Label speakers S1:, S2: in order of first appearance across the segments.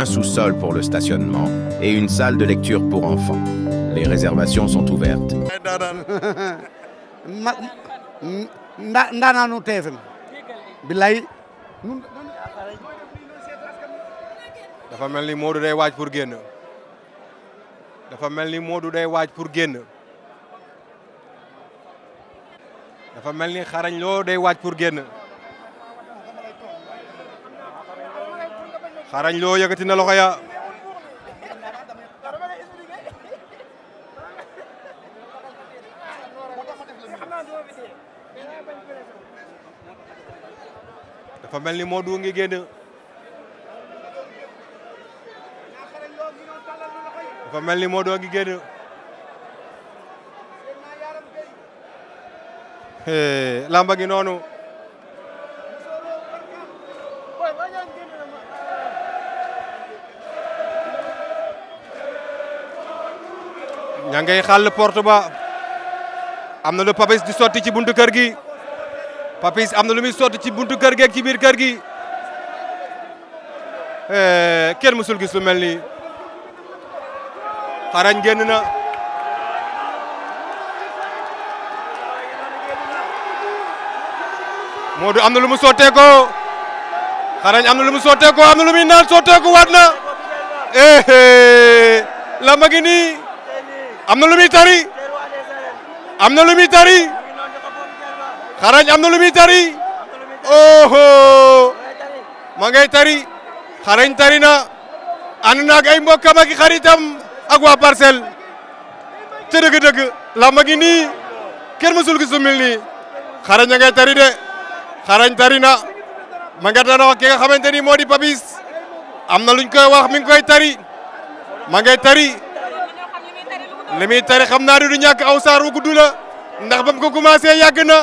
S1: un sous-sol pour le stationnement et une salle de lecture pour enfants. Les réservations sont ouvertes. dafa mel ni Modou day waaj pour génn mel ni Modou day waaj pour génn génn xarañ loo yëkkati na loxo ya mel ni Modou ngi génn dafa mel ni Modou ngi génn eh, lamba gi noonu ña ngay xàll ba am na lu papis di sotti ci buntu kër gi papis am na lu muy sotti ci buntu kër gi ak ci biir kër gi eh, kenn mësul gis lu mel nii xarañ génn na moo Modou am na lu mu sottee ko xarañ am na lu mu sottee ko am na lu muy naan sottee ko waat na eh, eh, la ma ngi am na lu muy tari am na lu muy tari xarañ am na lu muy tari oho ma tari xarañ tari na ànd ay mbokkam ak xaritam ak waa parcelle te dëgg-dëgg la ma ngi nii kenn mësul gis lu mel nii xarañ tari de xarañ tari na ma nga daan wax ki nga xamante ni moo di am na luñ koy wax mi ngi koy tari ma ngay tari li muy xam naa ne du ñàkk aw saar wu gudd la ndax ba mu ko commencé yàgg na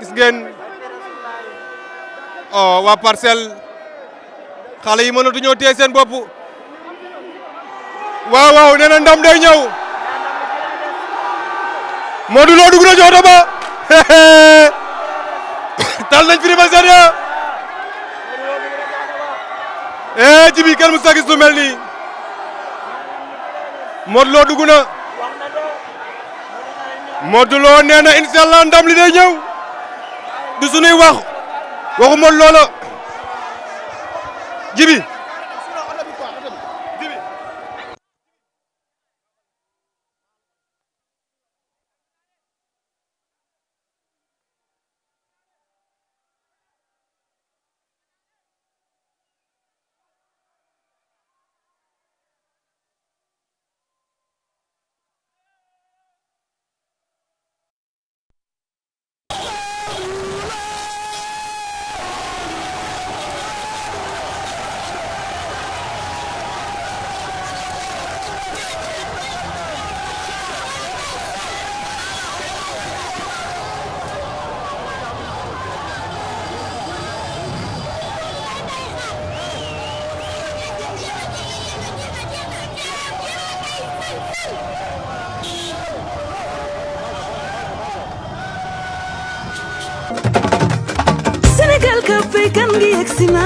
S1: gis ngeen oh waa xale yi mënatuñoo téye seen bopp waaw waaw nee na ndam day ñëw Modou Lo dugg na ci oto ba tal nañ fi Bombardier eh jibi kenn mu sa mel nii Modou Lo dugg na nee na incha ndam li day ñëw du sunuy wax waxu Modou Lo la jibi African gi yegsi na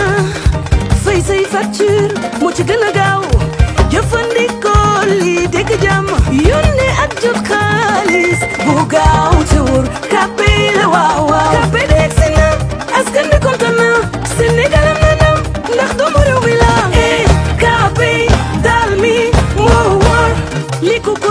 S1: fay say facture moo ci gën a gaaw jëfandikoo lii dégg jàmm yónnee ak jot xaalis bu gaaw te wóor la waaw waaw kàppe de yegsi na askan bi kontaan na Sénégal am na ndam ndax doomu réew mi la eh kàppe daal mi moo wóor li ko ko